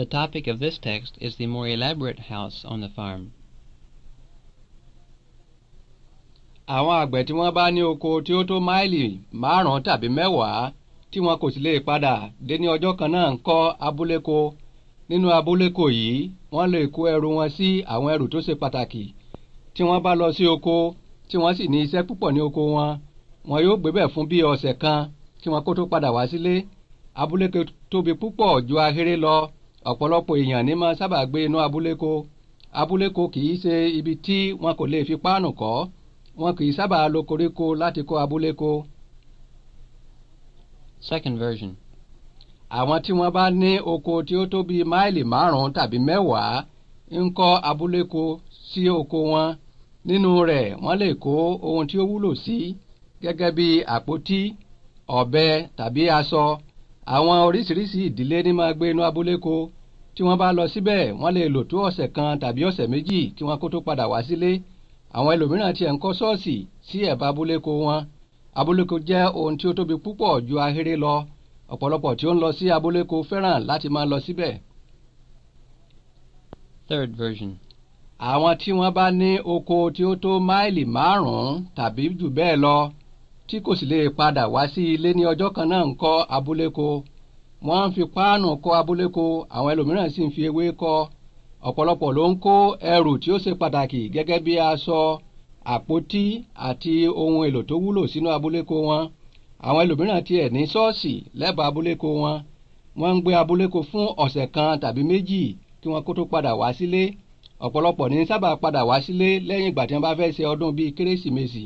The topic of this text is the more elaborate house on the farm. àwọn àgbẹ̀ tí wọ́n bá ní oko tí ó tó máìlì márùn-ún tàbí mẹ́wàá tí wọn kò sì lè padà dé ní ọjọ́ kan náà ń kọ́ abúléko nínú abúléko yìí wọ́n lè kó ẹrù wọn sí àwọn ẹrù tó ṣe pàtàkì tí wọ́n bá lọ sí oko tí wọ́n sì ní iṣẹ́ púpọ̀ ní oko wọn wọn yóò gbé fún bíi ọ̀sẹ̀ kan tí wọn kó tó padà wá sílé abúléko tóbi púpọ̀ ju ahéré lọ ọ̀pọ̀lọpọ̀ èèyàn ní máa sábà gbé inú abúléko abúléko kì í ṣe ibi tí wọn kò lè fi páànù kọ́ wọn kì í sábà lo koríko láti kọ́ abúléko. second version. àwọn tí wọ́n bá ní oko tí ó tó bíi máìlì márùn-ún tàbí mẹ́wàá ń kọ́ abúléko sí oko wọn nínú rẹ̀ wọ́n lè kó ohun tí ó wúlò sí gẹ́gẹ́ bí àpótí ọ̀bẹ tàbí aṣọ àwọn oríṣiríṣi ìdílé ní máa gbé inú abúlé ko tí wọ́n bá lọ síbẹ̀ wọ́n lè lò tó ọ̀sẹ̀ kan tàbí ọ̀sẹ̀ méjì kí wọ́n kó tó padà wá sílé àwọn ẹlòmíràn tiẹ̀ ń kọ́ ṣọ́ọ̀ṣì sí ẹ̀bá abúlé ko wọn abúlé ko jẹ́ ohun tí ó tóbi púpọ̀ ju ahéré lọ ọ̀pọ̀lọpọ̀ tí ó ń lọ sí abúlé ko fẹ́ràn láti máa lọ síbẹ̀. Third version. àwọn tí wọ́n bá ní oko tí ó tó máìlì márùn-ún tàbí jù bẹ́ẹ̀ lọ tí kò sì lè padà wá sí ilé ní ọjọ́ kan náà ń kọ́ abúléko wọ́n ń fi páànù kọ́ abúléko àwọn ẹlòmíràn sì ń fi ewé kọ́ ọ̀pọ̀lọpọ̀ ló ń kó ẹrù tí ó ṣe pàtàkì gẹ́gẹ́ bí aṣọ àpótí àti ohun èlò tó wúlò sínú abúléko wọn àwọn ẹlòmíràn tiẹ̀ ní ṣọ́ọ̀ṣì lẹ́bàá abúléko wọn wọ́n ń gbé abúléko fún ọ̀sẹ̀ kan tàbí méjì kí wọ́n kó tó padà wá sílé ọ̀pọ̀lọpọ̀ ní sábà padà wá sílé lẹ́yìn ìgbà tí wọ́n bá fẹ́ ṣe ọdún bíi kérésìmesì